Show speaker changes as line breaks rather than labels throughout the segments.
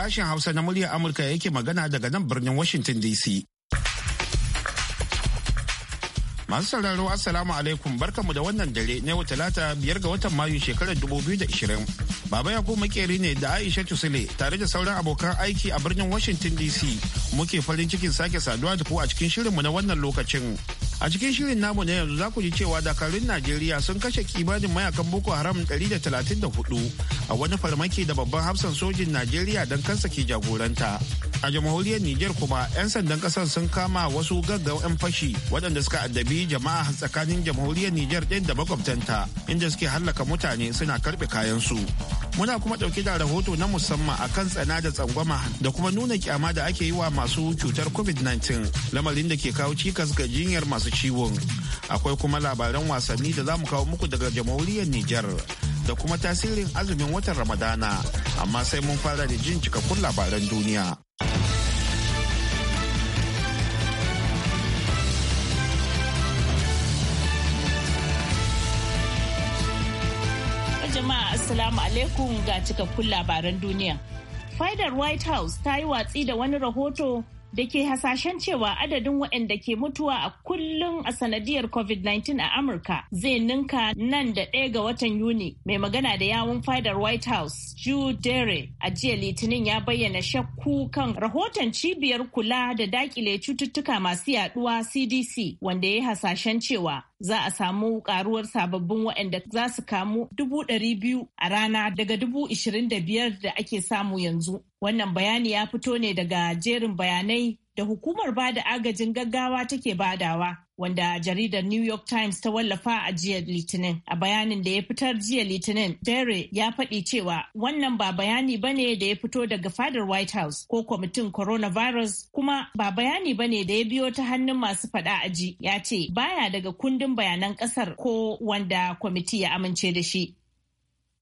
Sashen Hausa na muryar Amurka yake magana daga nan birnin Washington DC. Masu sauraro Assalamu alaikum barkamu da wannan dare na yau talata biyar ga watan Mayu shekarar dubu 2020. Baba Yakubu makeri ne da Aisha Tusile tare da sauran abokan aiki a birnin Washington DC muke farin cikin sake saduwa da ku a cikin shirinmu na wannan lokacin. A cikin shirin namu na yanzu za ku ji cewa dakarun Najeriya sun kashe kimanin mayakan Boko Haram 134 a wani farmaki da babban hafsan sojin Najeriya don kansa ke jagoranta. A jamhuriyar Nijar kuma 'yan sandan kasar sun kama wasu gaggau 'yan fashi waɗanda suka addabi jama'a tsakanin jamhuriyar Nijar ɗin da makwabtanta inda suke hallaka mutane suna karɓe kayansu. muna kuma dauke da rahoto na musamman akan tsana da tsangwama da kuma nuna kyama da ake yi wa masu cutar covid-19 lamarin da ke kawo cikas ga jinyar masu ciwon akwai kuma labaran wasanni da za mu kawo muku daga jamhuriyar niger da kuma tasirin azumin watan ramadana amma sai mun fara da jin cikakkun labaran duniya
Assalamu alaikum ga cikakkun labaran duniya. Fadar White House ta yi watsi da wani rahoto da ke hasashen cewa adadin waɗanda ke mutuwa a kullum a sanadiyar COVID-19 a Amurka zai ninka nan da ɗaya ga watan Yuni. Mai magana da yawun fadar White House, Jude Dere, a jiya Litinin ya bayyana shakku kan rahoton cibiyar kula da dakile cututtuka masu yaduwa CDC wanda ya hasashen cewa za a samu karuwar sababbin waɗanda za su kamu dubu ɗari biyu a rana daga dubu ishirin da biyar da ake samu yanzu. Wannan bayani ya fito ne daga jerin bayanai da hukumar bada agajin gaggawa take badawa wanda jaridar New York Times ta wallafa a jiya Litinin. A bayanin da ya fitar jiya Litinin, Dare ya faɗi cewa wannan ba bayani ba ne da ya fito daga fadar White House ko kwamitin coronavirus kuma ba bayani ba ne da ya biyo ta hannun masu faɗa a ji, ya ce baya daga kundin bayanan ƙasar ko wanda kwamiti ya amince da shi.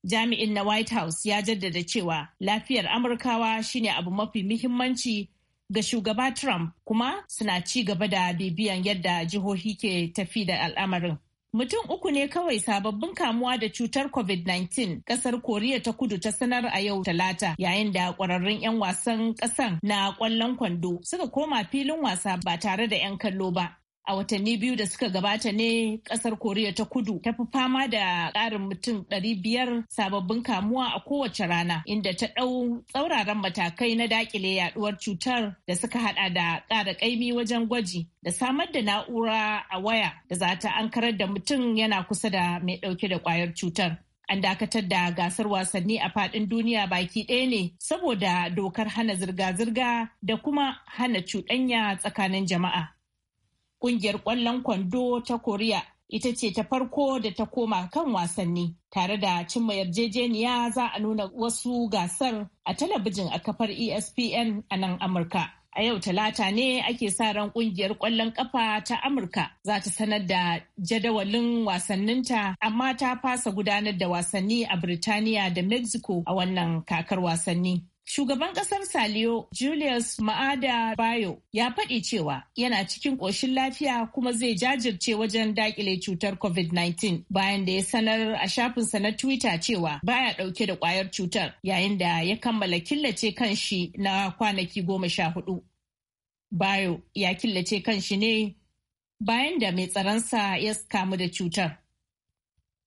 Jami'in na White House ya jaddada cewa lafiyar Amurkawa shine abu mafi muhimmanci ga shugaba Trump kuma suna ci gaba da bibiyan yadda jihohi ke tafi da al'amarin. Mutum uku ne kawai sababbin kamuwa da cutar COVID-19 kasar Koriya ta kudu ta sanar a yau talata yayin da kwararrun 'yan wasan kasan na kwallon kwando suka koma filin wasa ba tare da 'yan kallo ba. a watanni biyu da suka gabata ne kasar koriya ta kudu ta fi fama da ƙarin mutum 500 sababbin kamuwa a kowace rana inda ta ɗau tsauraran matakai na dakile yaduwar cutar da suka hada da ƙara ƙaimi wajen gwaji da samar da na'ura a waya da za ta ankarar da mutum yana kusa da mai ɗauke da ƙwayar cutar an dakatar da gasar wasanni a fadin duniya baki ɗaya ne saboda dokar hana zirga-zirga da kuma hana cuɗanya tsakanin jama'a. Ƙungiyar ƙwallon kwando ta Koriya ita ce ta farko da ta koma kan wasanni tare da cimma yarjejeniya za a nuna wasu gasar a talabijin a kafar espn a nan amurka a yau talata ne ake sa ran kungiyar kwallon kafa ta amurka za ta sanar da jadawalin wasanninta amma ta fasa gudanar da wasanni a birtaniya da mexico a wannan kakar wasanni Shugaban kasar Saliyo Julius Ma'ada Bayo ya faɗi cewa yana cikin ƙoshin lafiya kuma zai jajirce wajen dakile cutar COVID-19 bayan da ya sanar a shafinsa na Twitter cewa baya ɗauke da ƙwayar cutar yayin da ya kammala killace kanshi na kwanaki goma sha hudu. Bayo ya killace kanshi ne bayan da mai tsaronsa ya kamu da cutar.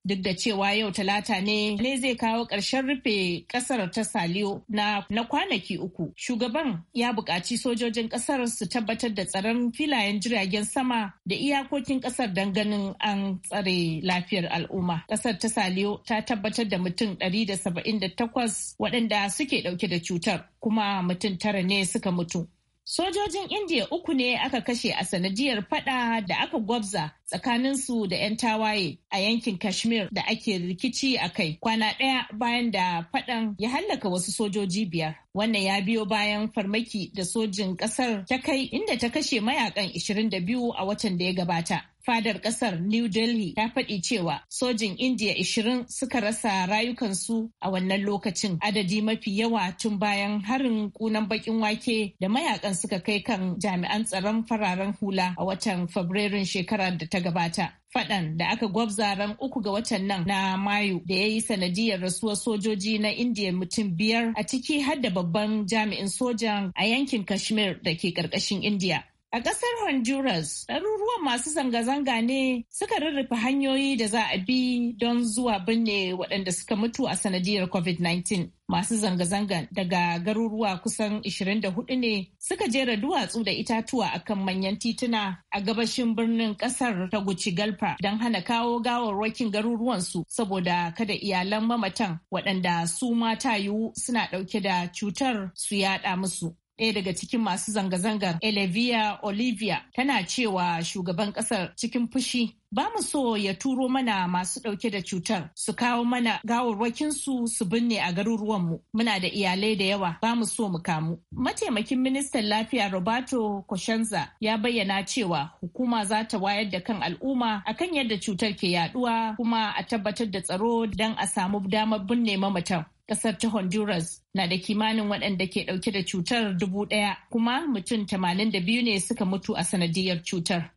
duk da cewa yau talata ne ne zai kawo ƙarshen rufe ƙasar ta saliyo na, kwanaki uku shugaban ya buƙaci sojojin ƙasar su tabbatar da tsaron filayen jiragen sama da iyakokin ƙasar don ganin an tsare lafiyar al'umma ƙasar ta saliyo ta tabbatar da mutum 178 waɗanda suke ɗauke da cutar kuma mutum tara ne suka mutu Sojojin Indiya uku ne aka kashe a sanadiyar fada da aka gwabza tsakanin su da 'yan tawaye a yankin Kashmir da ake rikici a kai kwana ɗaya bayan da fadan ya hallaka wasu sojoji biyar. Wannan ya biyo bayan farmaki da sojin ƙasar ta kai inda ta kashe mayakan 22 a watan da ya gabata. Fadar kasar New Delhi ta faɗi cewa sojin India 20 suka rasa rayukansu a wannan lokacin adadi mafi yawa tun bayan harin kunan bakin wake da mayakan suka kai kan jami'an tsaron fararen hula a watan Fabrairun shekarar da ta gabata. faɗan da aka gwabza ran uku ga watan nan na mayu da ya yi sanadiyar rasuwar sojoji na indiya mutum biyar a ciki har da babban jami'in sojan a yankin kashmir da ke ƙarƙashin indiya A ƙasar Honduras, ɗaruruwan masu zanga-zanga ne suka rurrufe hanyoyi da za a bi don zuwa binne waɗanda suka mutu a sanadiyar COVID-19. Masu zanga-zanga daga garuruwa kusan 24 ne suka jera duwatsu da itatuwa akan manyan tituna a gabashin birnin ƙasar ta guci Galfa don hana kawo gawarwakin garuruwansu saboda kada iyalan mamatan waɗanda su mata yiwu suna ɗauke da cutar su yaɗa musu. ɗaya daga cikin masu zanga-zangar Elevia Olivia tana cewa shugaban ƙasar cikin fushi ba mu so ya turo mana masu ɗauke da cutar su kawo mana gawarwakinsu su binne a garuruwanmu muna da iyalai da yawa ba mu so mu kamu mataimakin ministan lafiya roberto koshenza ya bayyana cewa hukuma za ta wayar da kan al'umma akan yadda cutar ke yaduwa kuma a tabbatar da tsaro don a samu damar binne mamatan Kasar ta Honduras na da kimanin waɗanda ke ɗauke da cutar dubu ɗaya kuma mutum tamanin da biyu ne suka mutu a sanadiyar cutar.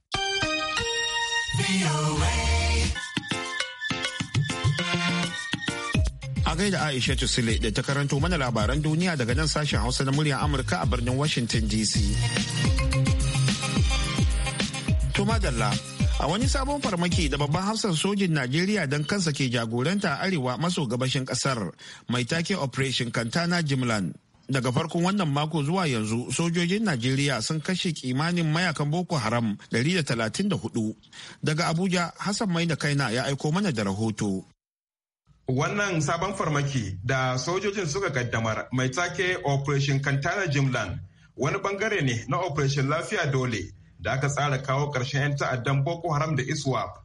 A gaida Aisha Tusile da ta karanto mana labaran duniya daga nan sashen Hausa na muryar Amurka a birnin Washington DC. tumadalla a wani sabon farmaki da babban hafsan sojin najeriya don kansa ke jagoranta a arewa maso gabashin kasar mai take operation kantana jimlan daga farkon wannan mako zuwa yanzu sojojin najeriya sun kashe kimanin mayakan boko haram 134 daga abuja hassan mai da kaina ya
aiko mana da rahoto Wannan sabon farmaki da sojojin suka kaddamar mai take Operation Kantana Jimlan wani bangare ne na Operation Lafiya Dole da aka tsara kawo ƙarshen 'yan ta'addan boko haram da iswap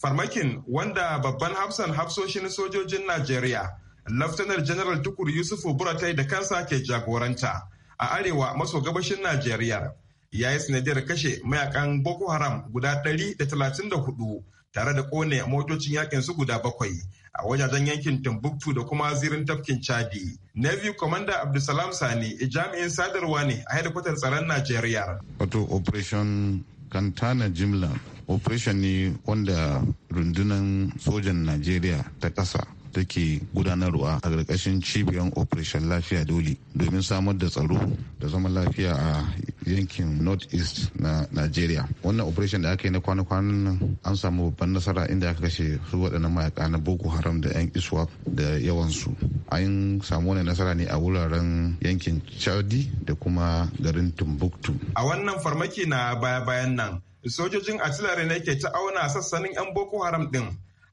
farmakin wanda babban hafsan hafsoshin sojojin najeriya laftanar Jeneral tukur Yusuf buratai da kansa ke jagoranta a arewa maso gabashin najeriya ya yi sanadiyar kashe mayakan boko haram guda 134 tare da kone motocin yakin su guda bakwai a wajajen yankin Timbuktu da kuma zirin tafkin Chadi. Navy Commander Abdulsalam Sani jami'in sadarwa ne a hedikwatar tsaron Najeriya.
Wato Operation Kantana Jimla operation ne wanda rundunar
sojan Najeriya ta kasa take gudanarwa a ƙarƙashin cibiyar operation lafiya dole domin samar da tsaro da zama lafiya a yankin north east na nigeria wannan operation da aka yi na kwana-kwanan nan an samu babban nasara inda aka kashe su waɗannan mayaka na boko haram da 'yan iswap da yawansu an samu wani nasara ne a wuraren yankin chadi da kuma garin timbuktu
a wannan farmaki na baya-bayan nan sojojin artillery ne ke ta auna sassanin 'yan boko haram din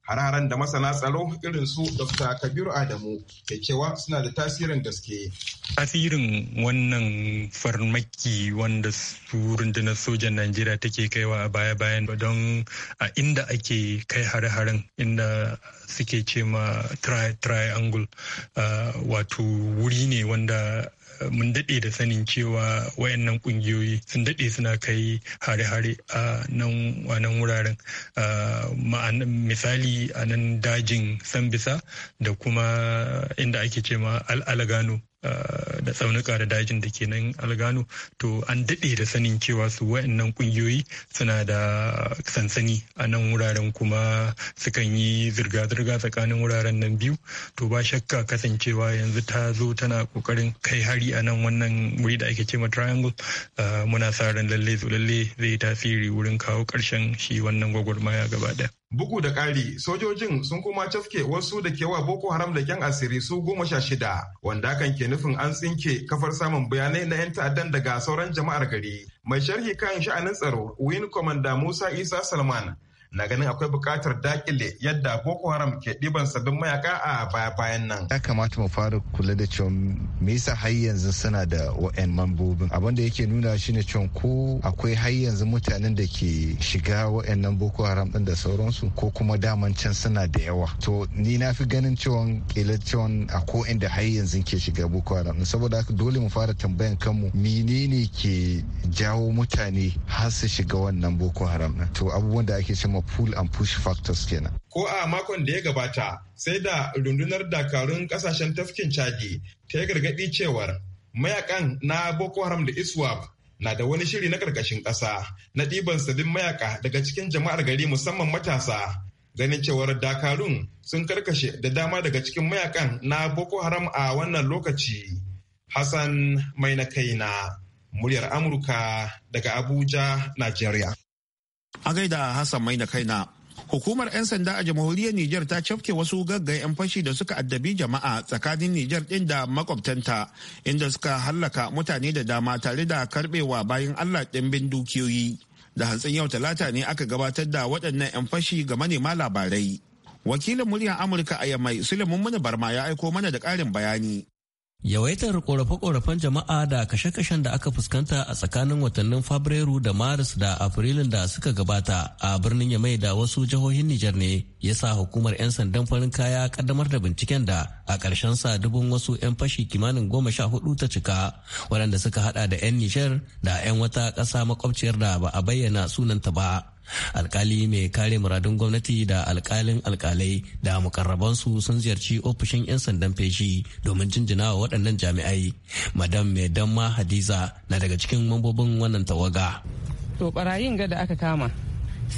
Hararen da masana tsaro irin su Dr. Kabiru Adamu ke cewa suna da tasirin gaske.
Tasirin wannan farmaki wanda su rundunar sojan Najeriya take kaiwa a baya-bayan don a inda ake kai hare-haren inda suke ce ma triangle uh, wato wuri ne wanda mun daɗe da sanin cewa wa'yan nan ƙungiyoyi sun daɗe suna kai hare-hare a nan wuraren misali a nan dajin sambisa da kuma inda ake ce ma al'alagano Eh, da tsaunuka da dajin da ke nan algano to an daɗe da sanin cewa su wa'annan ƙungiyoyi suna da sansani a nan wuraren kuma sukan yi zirga-zirga tsakanin wuraren nan biyu to ba shakka kasancewa yanzu ta zo tana ƙoƙarin kai hari a nan wannan wuri da ake cewa triangle eh, muna sa ran lalle
lalle zai tasiri wurin kawo ƙarshen shi wannan gwagwarmaya gaba ɗaya. Bugu da ƙari, sojojin sun kuma cafke wasu da kewa Boko Haram da kyan asiri su goma sha shida, wanda kan ke nufin an tsinke kafar samun bayanai na 'yan ta'addan daga sauran jama'ar gari. Mai sharhi kayan sha'anin tsaro, Win Commander Musa Isa Salman na ganin akwai bukatar dakile yadda boko haram ke ɗiban sabbin mayaka a baya bayan nan ya kamata mu fara kula da cewa me yasa har yanzu suna da wa'en mambobin abin da yake nuna shine cewa ko akwai har yanzu mutanen da ke shiga nan boko haram din da sauransu ko kuma daman can suna da yawa to ni na fi ganin cewa kila cewa a ko inda har yanzu ke shiga boko haram saboda haka dole mu fara tambayan kanmu menene ke jawo mutane har su shiga wannan boko haram to abubuwan da ake cewa kuma pull and push factors kenan. Ko a makon da ya gabata sai da rundunar dakarun kasashen tafkin chadi ta yi gargaɗi cewar mayakan na Boko Haram da ISWAP na da wani shiri na karkashin ƙasa na ɗiban sabbin mayaka daga cikin jama'ar gari musamman matasa ganin cewar dakarun sun karkashe da dama daga cikin mayakan na Boko Haram a wannan lokaci. Hassan mai na kaina muryar Amurka daga Abuja, Najeriya. A gaida Hassan Mai kai kaina. Hukumar 'yan sanda a
jamhuriyar Nijar ta cafke wasu gaggai 'yan fashi da suka addabi jama'a tsakanin Nijar ɗin da makwabtanta inda suka hallaka mutane da dama tare da karbewa bayan Allah ɗimbin dukiyoyi. Da hantsin yau talata ne aka gabatar da waɗannan 'yan fashi ga manema labarai. Wakilin
muryar Amurka a
Yamai Suleiman Muni Barma ya aiko mana da ƙarin bayani.
Yawaitar ƙorafe korafen jama'a da kashe-kashen da aka fuskanta a tsakanin watannin Fabrairu da Maris da Afrilun da suka gabata a birnin Yamai da wasu jihohin Nijar ne ya sa hukumar 'yan sandan farin kaya kaddamar da binciken da a ƙarshen sa dubun wasu 'yan fashi kimanin goma sha hudu ta cika waɗanda suka hada da 'yan Nijar da 'yan wata ƙasa makwabciyar da ba a bayyana sunanta ba. alkali mai kare muradun gwamnati da alkalin alkalai da mukarrabansu sun ziyarci ofishin 'yan sandan feshi domin jinjina wa waɗannan jami'ai madam mai damma hadiza na daga cikin mambobin wannan tawaga
to barayin ga da aka kama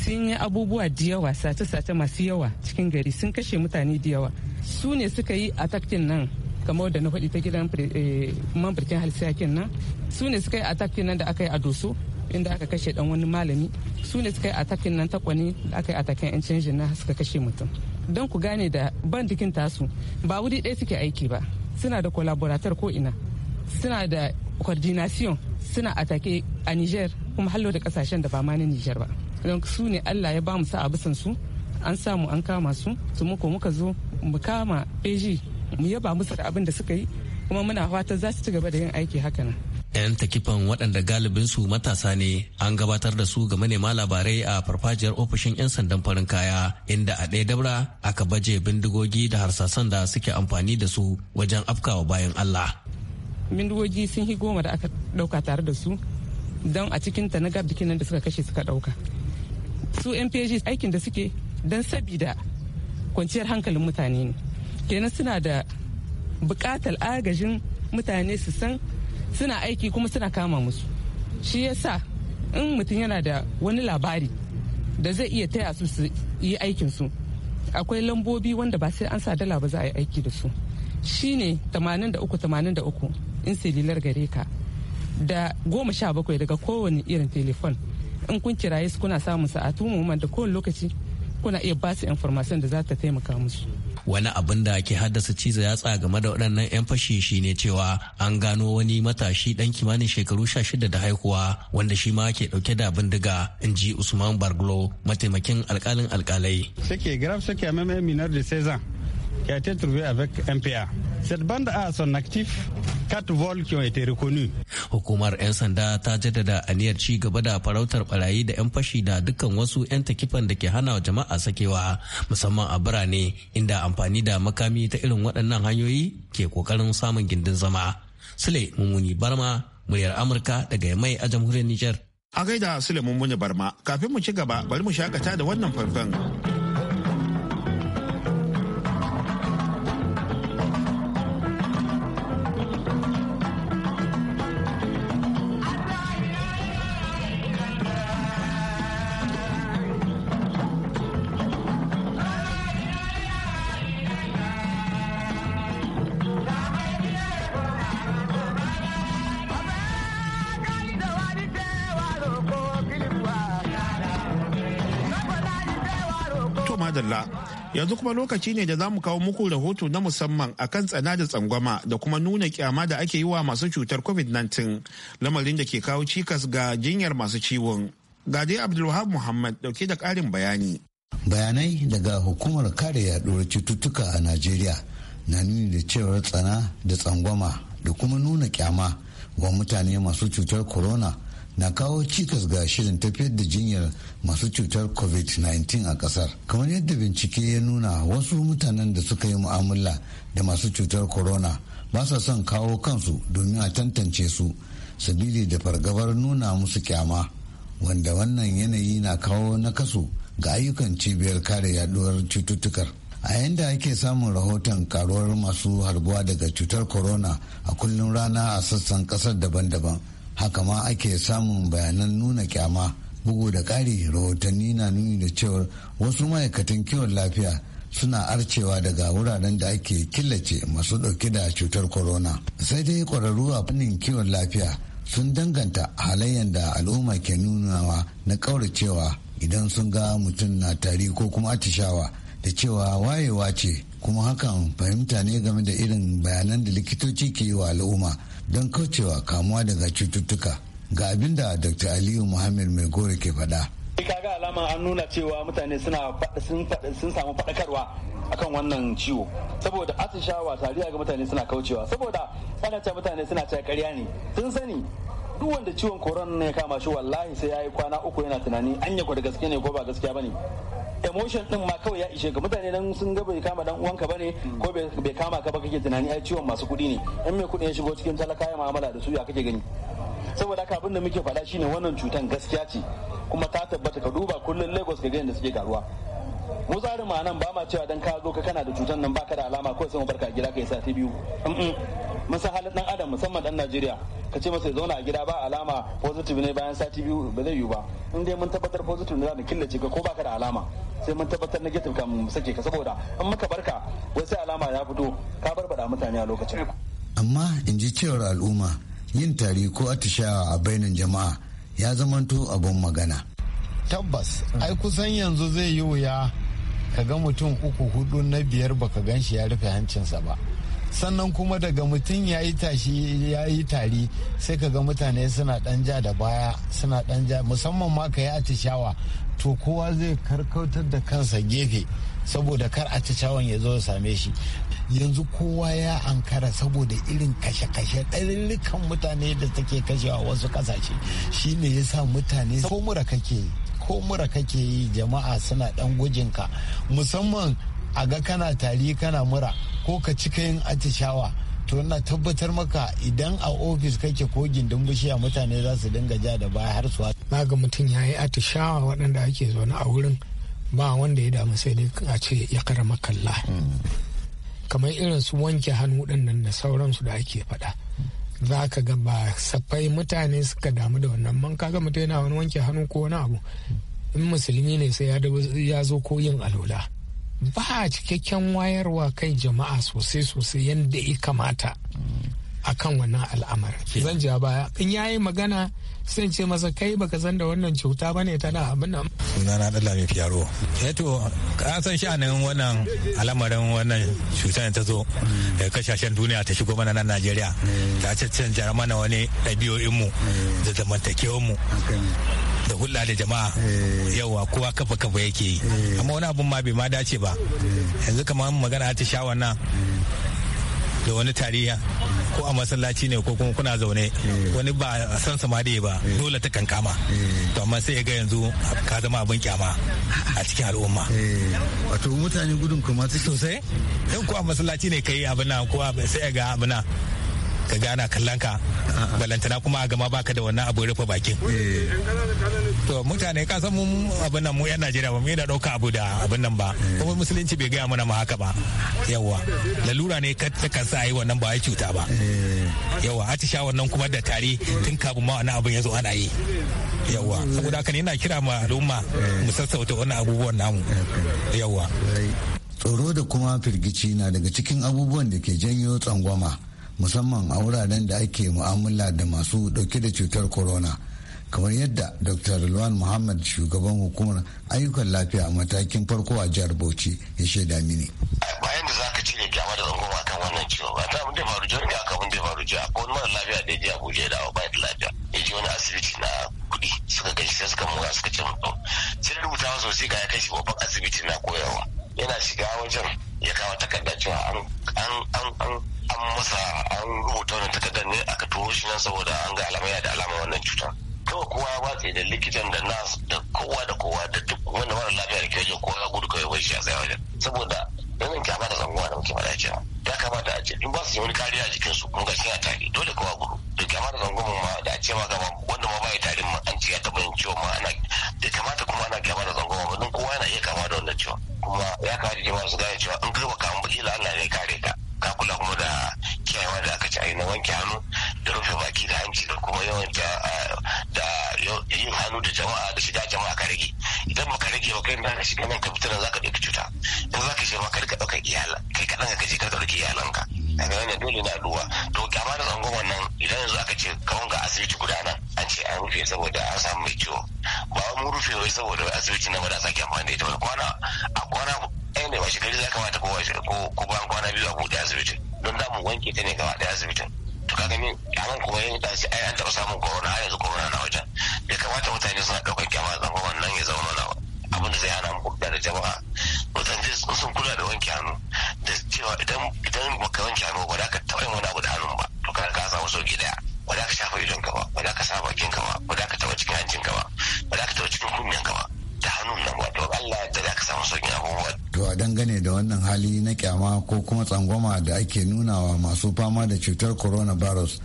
sun yi abubuwa da yawa sace-sace masu yawa cikin gari sun kashe mutane da yawa su ne suka yi atakin nan kamar da na faɗi ta gidan eh, mambarkin birkin halsiyakin nan su ne suka yi atakin nan da aka yi a doso inda aka kashe dan wani malami su ne suka yi atakin nan takwani da aka yi atakin yan canjin na suka kashe mutum don ku gane da bandikin tasu ba wuri ɗaya suke aiki ba suna da collaborator ko ina suna da coordination suna atake a niger kuma hallo da kasashen da ba ma na niger ba don su ne allah ya ba mu sa'a bisan su an samu an kama su su muku muka zo mu kama peji mu yaba musu da abin da suka yi kuma muna fatan za su ci gaba da yin aiki haka nan
'yan takifan waɗanda galibin su matasa ne an gabatar da su ga manema labarai a farfajiyar ofishin 'yan sandan farin kaya inda a ɗaya dabra aka baje bindigogi da harsasan da suke amfani da su wajen afkawa bayan allah
bindigogi sun hi goma da aka ɗauka tare da su don a cikin ta na bikin nan da suka kashe suka ɗauka su mpg aikin da suke don sabida kwanciyar hankalin mutane ne kenan suna da buƙatar agajin mutane su san suna aiki kuma suna kama musu shi yasa in mutum yana da wani labari da zai iya taya su su yi aikinsu akwai lambobi wanda ba sai an sa dala ba za a yi aiki da su shi shine 83-83 in sililar gare ka da goma sha bakwai daga kowane irin telefon in kun kiraye su kuna samun sa'atu mu da kowane lokaci kuna iya basu su information da za ta taimaka musu
wani abin da ke haddasa cizo yatsa game da waɗannan 'yan fashi shi ne cewa an gano wani matashi ɗan kimanin shekaru sha shida da haihuwa wanda shi ma ke ɗauke da bindiga in ji usman barglo mataimakin alkalin alkalai.
Sake graf sake a minar da a été trouvé avec MPA. Cette bande a son actif quatre vols qui ont été reconnus.
Hukumar 'yan sanda ta jaddada aniyar ci gaba da farautar barayi da 'yan fashi da dukkan wasu 'yan takifan da ke hana jama'a sakewa musamman a birane inda amfani da makami ta irin waɗannan hanyoyi ke kokarin samun gindin zama. Sule Mummuni Barma, muryar Amurka daga mai a jamhuriyar Nijar. A gaida
Sule Mummuni Barma, kafin mu ci gaba bari mu shakata da wannan fanfan. yanzu kuma lokaci ne da za mu kawo muku rahoto na musamman akan tsana da tsangwama da kuma nuna kyama da ake yi wa masu cutar covid-19 lamarin da ke kawo cikas ga jinyar masu ciwon gade abdulwahab muhammad dauke da karin bayani
bayanai daga hukumar kare yaduwar cututtuka a najeriya na nuni da cewar tsana da tsangwama da kuma nuna kyama wa mutane masu cutar corona na kawo cikas ga shirin tafiyar da jinyar masu cutar covid-19 a kasar kamar yadda bincike ya nuna wasu mutanen da suka yi mu'amala da masu cutar corona ba sa son kawo kansu domin a tantance su sabili da fargabar nuna musu kyama wanda wannan yanayi na kawo nakasu ga ayyukan cibiyar kare yaduwar cututtukar a yanda ake samun rahoton karuwar masu harbuwa daga cutar corona a kullum rana a sassan kasar daban-daban haka ma ake samun bayanan nuna kyama bugu da ƙari rahotanni na nuni da cewar wasu ma'aikatan kiwon lafiya suna arcewa daga wuraren da ake killace masu ɗauke da cutar corona sai dai ƙwararru a fannin kiwon lafiya sun danganta halayen da al'umma ke nunawa na ƙauracewa idan sun ga mutum na tari ko kuma atishawa da cewa wayewa ce kuma hakan fahimta ne game da irin bayanan da likitoci ke yi wa al'umma don kaucewa kamuwa daga cututtuka ga abin da dr aliyu muhammad mai gore ke
faɗa. kaga alama an nuna cewa mutane sun samu faɗakarwa akan wannan ciwo saboda atishawa tariya ga mutane suna kaucewa saboda tsananta mutane suna cewa ƙarya ne sun sani duk wanda ciwon koron ne ya kama shi wallahi sai ya yi kwana uku yana tunani anya ko da gaske ne ko ba gaskiya bane emotion din ma kawai ya ishe ka mutane nan sun ga bai kama dan uwanka bane ko bai kama ka ba kake tunani ai ciwon masu kuɗi ne in mai kuɗi ya shigo cikin talaka ya mu'amala da su ya kake gani saboda haka abin da muke faɗa shine wannan cutan gaskiya ce kuma ta tabbata ka duba kullun Lagos ka gani yadda suke garuwa. mu tsarin ma nan ba ma cewa dan ka zo ka kana da cutan nan baka da alama kawai sai mu barka gida kai sati biyu mun san halin dan adam musamman dan Najeriya ka ce masa ya zauna a gida ba alama positive ne bayan sati biyu ba zai yiwu ba in dai mun tabbatar positive ne za mu killace ka ko baka da alama sai mun tabbatar negative kan mu sake ka saboda in muka barka wai sai alama ya fito ka barbada mutane a lokacin
amma in ji cewar al'umma yin tari ko atishawa a bainan jama'a ya zamanto abun magana tabbas ai kusan yanzu zai yi wuya ka ga mutum uku hudu na biyar baka gan shi ya rufe hancinsa ba sannan kuma daga mutum ya yi tashi ya yi tari sai ka ga mutane suna danja da baya suna danja musamman ma ka yi atishawa to kowa zai karkautar da kansa gefe saboda kar atishawan ya zo same shi yanzu kowa ya ankara saboda irin kashe-kashe ɗarirrikan mutane da take kashewa wasu shi shine ya sa mutane ko mura kake yi ko mura kake yi jama'a suna ɗan gujinka musamman a ga kana tari kana mura ko ka cika yin atishawa to na tabbatar maka idan a ofis kake ko gindin bishiya mutane za su dinga ja da baya har su na ga
mutum ya yi atishawa waɗanda ake zaune a wurin ba wanda ya damu sai dai a ce ya kara makalla kamar irin su wanke hannu ɗin nan da sauransu da ake faɗa za ka ga ba safai mutane suka damu da wannan man kaga mutum yana wani wanke hannu ko wani abu in musulmi ne sai ya zo ko yin alola ba cikakken wayarwa kai jama'a sosai sosai yadda ya kamata a kan wannan al'amarin zan ja baya in ya yi magana sai ce masa kai baka san da wannan cuta ba ne tana abin nan
suna na ɗan Lami fiyaro eto eh ka san sha'anin wannan al'amarin wannan cutar ta zo daga kasashen duniya ta shigo mana nan najeriya ta ce canja mana wani ɗabi'o'inmu da zamantakewarmu da hulɗa da jama'a eh. yawa kowa kafa kafa yake yi eh. amma wani abun ma bai ma dace ba eh. yanzu kamar magana ta sha wannan da wani tarihi ko a masallaci ne ko kuma kuna zaune wani ba a san samari ba dole ta kankama to amma sai ya ga yanzu ka zama abin kyama a cikin al'umma wato mutane gudun kuma sosai yan ko a masallaci ne kai abin nan ko sai ya ga abin nan ka gana kallon ka balantana kuma a gama baka da wannan abu rufe bakin to mutane ka san mun abin nan mu yan Najeriya ba mu yana dauka abu da abin nan ba kuma musulunci bai gaya mana ma haka ba yawa lalura ne ka kan sa yi wannan ba ya cuta ba yawa sha nan kuma da tare tun kafin ma wannan abin ya zo ana yi yawa saboda haka ne yana kira ma al'umma mu sassauta wannan abubuwan namu
yawa tsoro da kuma firgici na daga cikin abubuwan da ke janyo tsangwama musamman a wuraren da ake mu'amala da masu dauke da cutar corona kamar yadda dr Luwan muhammad shugaban hukumar ayyukan lafiya a matakin farko a jihar bauchi ya shaida
mini bayan da zaka cire kyama da tsangwama kan wannan ciwo ba ta abin da faru jiya ka abin da faru jiya ko wani mara lafiya da ya a abuja da ba da lafiya ya ji wani asibiti na kuɗi suka gaishe sai suka mura suka ce mutum sai rubuta masa wasiƙa ya kai shi babban asibiti na koyarwa yana shiga wajen ya kawo takarda cewa an an an an masa an rubuta wannan takardar ne aka turo shi nan saboda an ga alamai da alama wannan cuta kawai kowa ya watse da likitan da nas da kowa da kowa da duk wanda mara lafiya da ke wajen kowa ya gudu kawai wai shi a tsaye wajen saboda yanayin kyama da zanguwa da muke faɗa cewa ya kamata a ce in ba su da wani kariya a jikinsu mun ga suna tari dole kowa gudu da kyama da zanguwa ma da a ce ma gaba wanda ma ya tarin ma an ce ya taɓa yin ciwon ma ana da kamata kuma ana kyama da zanguwa ba don kowa yana iya kama da wannan ciwon kuma ya kamata jama'a su gane cewa in ka ba ka ba baƙi Allah ne kare ka ka kula kuma da ai na wanke hannu da rufe baki da hanci da kuma yawan da yin hannu da jama'a da shiga jama'a ka rage idan baka rage ba kai da ka shiga nan ka fita nan zaka ɗauki cuta idan zaka shiga ka rika ɗaukar iyalan kai kaɗan ka kaje ka ɗauki iyalanka daga wannan dole na duwa to kyama da tsangon wannan idan yanzu aka ce kawon ga asibiti guda nan an ce an rufe saboda an samu mai ciwo ba mu rufe wai saboda asibiti na ba da sake amfani da ita ba kwana a kwana ɗaya ne washe gari za kamata ko ko bayan kwana biyu a buɗe asibitin don za mu wanke ta ne gaba ɗaya asibitin to kaga min abin kuma yin ɗaci ai an taɓa samun corona har yanzu corona na wajen bai kamata mutane suna ɗaukar kyama zan ba wannan ya zama na abin da zai hana mu da jama'a mutane sun kula da wanke hannu da cewa idan idan baka wanke hannu ba za ka taɓa yin wani abu da hannun ba to kaga ka samu sauki ɗaya ba za ka shafa idon ka ba ba za ka samu
wannan hali na kyama ko kuma tsangwama da ake nunawa masu fama da cutar coronavirus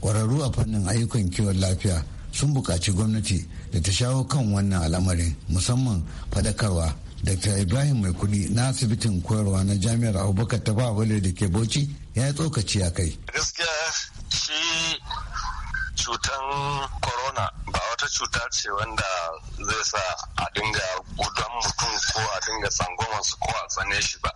kwararru a fannin ayyukan kiwon lafiya sun buƙaci gwamnati da ta shawo kan wannan al'amarin musamman faɗakarwa dr ibrahim mai kudi na asibitin koyarwa na jami'ar abubakar ta bawale da ke bauchi ya yi tsokaci a kai
gaskiya shi cutan corona wata cuta ce wanda zai sa a dinga gudan mutum ko a dinga sangomansu ko a tsane shi ba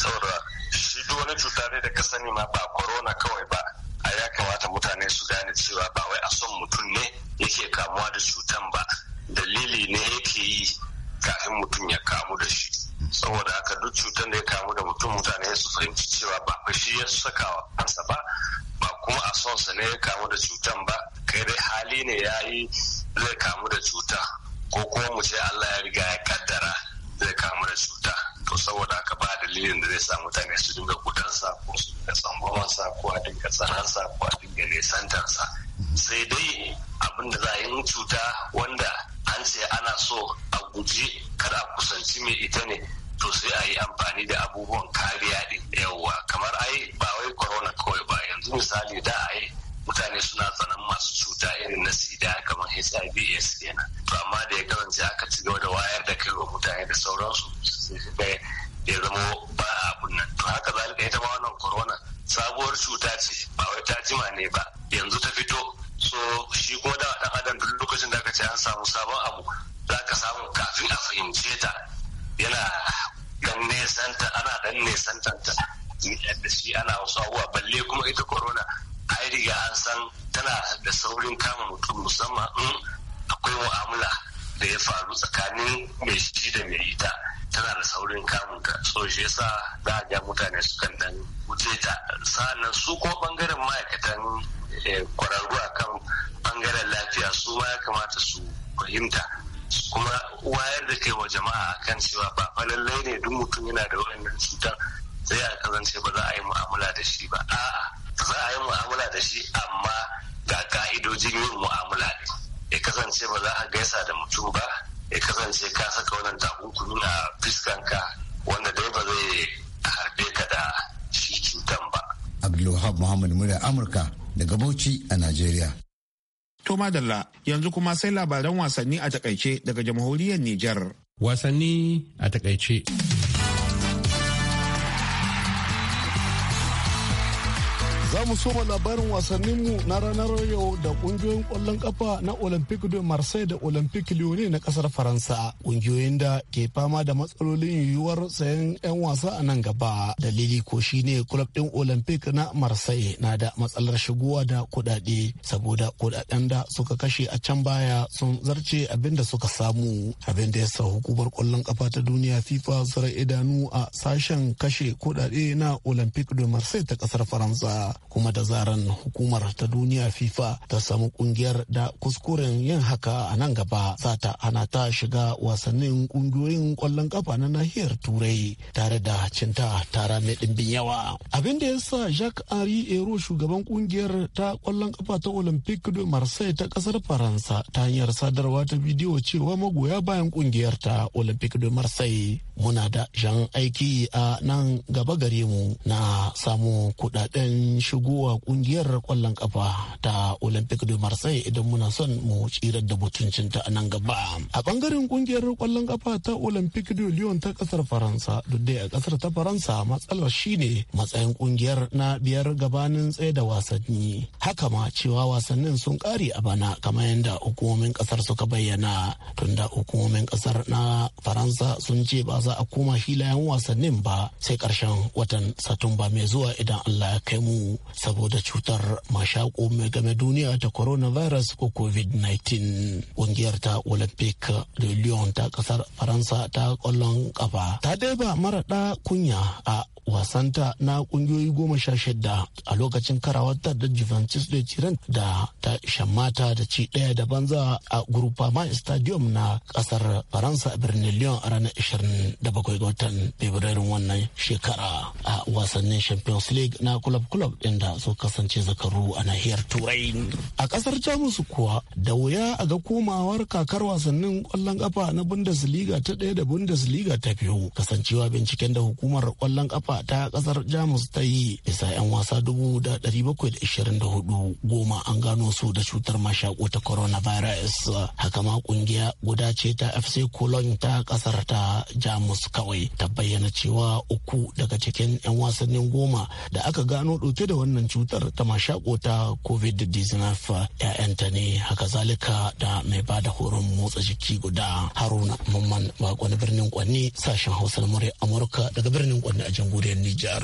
saboda shi duk wani cuta ne da ka sani ma ba corona kawai ba a ya kamata mutane su gane cewa ba wai a son mutum ne yake kamuwa da cutan ba dalili ne yake yi kafin mutum ya kamu da shi saboda haka duk cutan da ya kamu da mutum mutane su fahimci cewa ba shi ya saka kansa ba ba kuma a son sa ne ya kamu da cutan ba sai dai hali ne ya yi zai kamu da cuta ko kuma mu ce Allah ya riga ya kaddara zai kamu da cuta to saboda haka ba dalilin da zai sa mutane su dinga kudansa ko su dinga sa ko a dinga sa ko a dinga nesantarsa sai dai abin da za a yi cuta wanda an ce ana so a guji kada a kusanci mai ita ne to sai a yi amfani da abubuwan kariya din yawwa kamar ai ba wai corona kawai ba yanzu misali da ai mutane suna tsanan masu cuta irin na sida kamar hiv aids kenan to amma da ya kasance aka ci gaba da wayar da kai wa mutane da sauransu sai ya zama ba abun nan to haka zalika ita ma wannan corona sabuwar cuta ce ba wai ta jima ne ba yanzu ta fito so shi ko da dan adam duk lokacin da aka ce an samu sabon abu za ka samu kafin a fahimce ta yana dan nesanta ana dan nesanta da shi ana wasu abubuwa balle kuma ita corona an riga an san tana da saurin kama mutum musamman in akwai mu'amala da ya faru tsakanin mai shi da mai ita tana da saurin ta so shi yasa za a ga mutane sukan dan wuce ta sannan su ko bangaren ma'aikatan eh, kwararru a kan bangaren lafiya su ma ya kamata su fahimta kuma wayar da kai wa jama'a kan cewa ba fa lallai ne duk mutum yana da wannan cutar sai a kazance ba za a yi mu'amala da shi ba a'a za a yi mu'amala da shi amma ga ka'idojin yin mu'amala ne ya kasance ba za a gaisa da mutum ba ya kasance ka saka wannan takunkumi a fiskanka wanda dai ba zai harbe ka da shi cutan ba.
Abdulwahab Muhammad Murya Amurka daga Bauchi a Najeriya. To
madalla yanzu kuma sai labaran wasanni a takaice daga jamhuriyar Nijar.
Wasanni a takaice.
Za mu soma labarin wasanninmu na ranar yau da ƙungiyoyin kwallon ƙafa na olympic de Marseille da Olympic Lyon na ƙasar Faransa. ƙungiyoyin da ke fama da matsalolin yiwuwar sayan 'yan wasa a nan gaba. Dalili ko shine club din olympic na Marseille na da matsalar shigowa da kuɗaɗe saboda kuɗaɗen da suka kashe a can baya sun zarce abin da suka samu. Abin da ya sa hukumar kwallon kafa ta duniya FIFA zura idanu a sashen kashe kuɗaɗe na olympic de Marseille ta ƙasar Faransa. kuma da zaran hukumar ta duniya fifa ta samu kungiyar da kuskuren yin haka a nan gaba za ta ana ta shiga wasannin kungiyoyin kwallon kafa na nahiyar turai tare da cinta tara mai dimbin yawa abin da ya sa jacques henri ero shugaban kungiyar ta kwallon kafa ta olympic de marseille ta kasar faransa ta hanyar sadarwa ta bidiyo cewa magoya bayan kungiyar ta olympic de marseille muna da jan aiki a nan gaba gare mu na samu kudaden shigowa kungiyar kwallon kafa ta olympic de marseille idan muna son mu tsirar da mutuncinta a nan gaba a bangaren kungiyar kwallon kafa ta olympic de lyon ta kasar faransa duk dai a kasar ta faransa matsalar shine matsayin kungiyar na biyar gabanin tsaye da wasanni haka ma cewa wasannin sun kare a bana kamar yadda hukumomin kasar suka bayyana tunda hukumomin kasar na faransa sun ce ba za a koma filayen wasannin ba sai karshen watan satumba mai zuwa idan allah ya kai mu saboda cutar mashaƙo mai game duniya ta coronavirus ko covid-19 ƙungiyar ta olympic de lyon ta ƙasar faransa ta ƙwallon ƙafa ta daiba mara ɗa kunya a wasanta na ƙungiyoyi goma sha shida a lokacin karawatar da Juventus da Turin da ta shammata da ci ɗaya da banza a Ma Stadium na ƙasar Faransa a birnin Lyon a ranar 27 ga watan Fabrairun wannan shekara a wasannin Champions League na club club waɗanda su kasance zakaru a nahiyar turai a ƙasar jamus kuwa da wuya a ga komawar kakar wasannin kwallon ƙafa na bundesliga ta ɗaya da bundesliga ta biyu kasancewa binciken da hukumar kwallon ƙafa ta ƙasar jamus ta yi isa 'yan wasa dubu da ɗari bakwai da ishirin da hudu goma an gano su da cutar mashaƙo ta coronavirus haka ma ƙungiya guda ce ta fc cologne ta kasar ta jamus kawai ta bayyana cewa uku daga cikin 'yan wasannin goma da aka gano ɗauke da wannan cutar ta mashako ta covid-19 'ya'yanta ne haka zalika da mai ba da horon motsa jiki guda haruna mamman bakon birnin kwanni sashen hausar murya amurka daga birnin kwanni a jamhuriyar nijar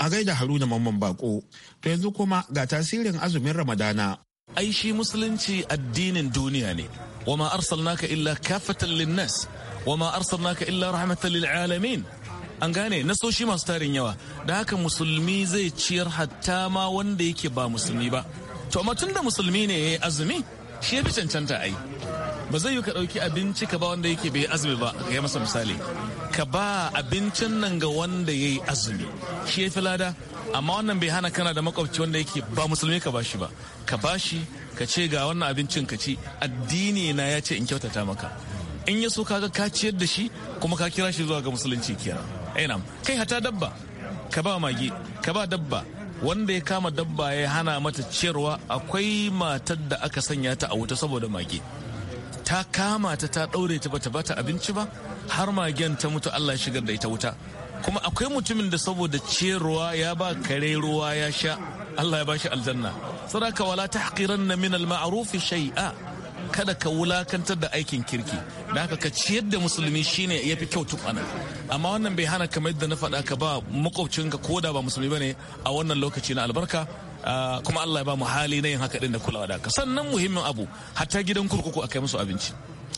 a gaida haruna mamman bako to yanzu kuma ga tasirin azumin ramadana
ai shi musulunci addinin duniya ne wama arsalnaka illa kafatan linnas wama arsalnaka illa rahmatan lil alamin an gane nasoshi masu tarin yawa da haka musulmi zai ciyar hatta ma wanda yake ba musulmi ba to amma tunda musulmi ne yayi azumi shi ya fi cancanta ai ba zai yi ka ɗauki abinci ka ba wanda yake bai azumi ba ga masa misali ka ba abincin nan ga wanda yayi azumi shi ya fi lada amma wannan bai hana kana da makwabci wanda yake ba musulmi ka bashi ba ka bashi ka ce ga wannan abincin ka ci addini na ya ce in kyautata maka in ya so kaga ka ciyar da shi kuma ka kira shi zuwa ga musulunci kenan ainam kai hata dabba ka ba mage ka ba dabba wanda ya kama dabba ya hana mata ciyarwa akwai matar da aka sanya ta a wuta saboda mage ta kama ta ta daure ta bata bata abinci ba har magen ta mutu Allah shigar da ita wuta kuma akwai mutumin da saboda ciyarwa ya ba kare ruwa ya sha Allah ya ba shi aljanna sadaka wala na min al-ma'ruf shay'a kada ka wulakantar da aikin kirki da haka ka ciyar da musulmi shine ya fi kyau tukana amma wannan bai hana kamar yadda na faɗa ka ba makwabcinka ko da ba musulmi bane a wannan lokaci na albarka ah, kuma Allah ya ba mu hali na yin haka din da kulawa da ka sannan muhimmin abu hatta gidan kurkuku akai musu abinci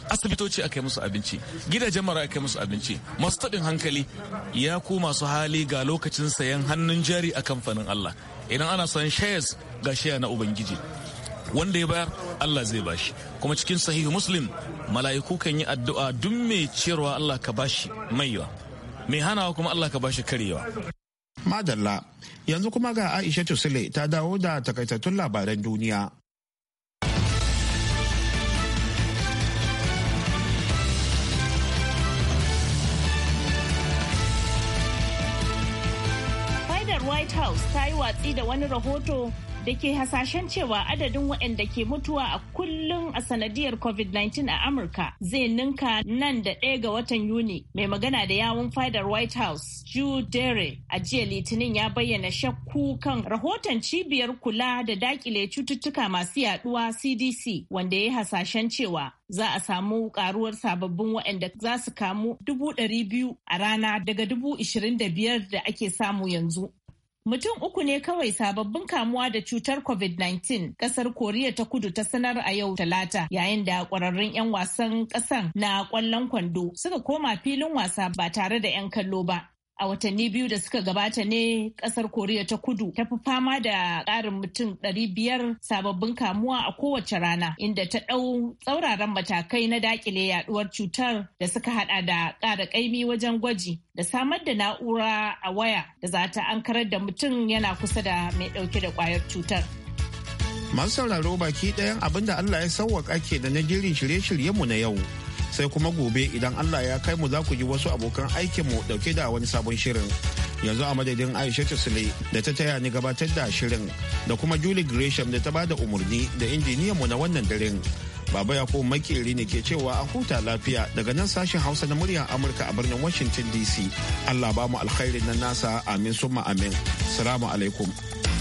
asibitoci aka yi musu abinci gidajen mara aka yi musu abinci masu taɓin hankali ya ku masu hali ga lokacin sayan hannun jari a kamfanin Allah idan ana son shayas ga shaya na ubangiji wanda ya bayar Allah zai bashi kuma cikin sahihu muslim mala'iku kan yi addu'a duk mai cewa Allah ka bashi maiwa mai hanawa kuma Allah ka bashi karewa madalla yanzu kuma ga
Aisha Tusile ta dawo da takaitattun labaran duniya
white house ta yi watsi da wani rahoto da ke hasashen cewa adadin waɗanda ke mutuwa a kullum a sanadiyar covid-19 a amurka zai ninka nan da ɗaya ga watan yuni mai magana da yawun fadar white house jew Dere, a jiya litinin ya bayyana shakku kan rahoton cibiyar kula da dakile cututtuka masu yaduwa cdc wanda ya yi hasashen cewa za a samu karuwar sababbin waɗanda za su kamu dubu a rana daga 25,000 da ake samu yanzu Mutum uku ne kawai sababbin kamuwa da cutar COVID-19 ƙasar Koriya ta kudu ta sanar a yau talata yayin da ƙwararrun 'yan wasan kasan na ƙwallon kwando suka koma filin wasa ba tare da 'yan kallo ba. a watanni biyu da suka gabata ne kasar koriya ta kudu ta fi fama da ƙarin mutum 500 sababbin kamuwa a kowace rana inda ta ɗau tsauraran matakai na dakile yaduwar cutar da suka hada da ƙara ƙaimi wajen gwaji da samar da na'ura a waya da za ta ankarar da mutum yana kusa da mai ɗauke da ƙwayar cutar.
Masu sauraro baki ɗayan abinda Allah ya sauwaƙa ke da na jirin shirye-shiryenmu na yau. sai kuma gobe idan Allah ya kai mu za ku yi wasu abokan aikinmu dauke da wani sabon shirin. Yanzu a madadin Aisha Sule da ta taya ni gabatar da shirin da kuma Julie Gresham da ta bada umarni da mu na wannan daren. Baba ya makeri ne ke cewa a huta lafiya daga nan sashen Hausa na muryar Amurka a birnin Washington DC. Allah ba mu alkhairin na nasa amin summa amin. Salamu alaikum.